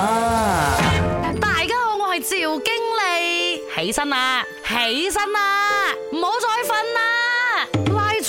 啊！大家好，我係趙經理。起身啦、啊，起身啦、啊，唔好嘈。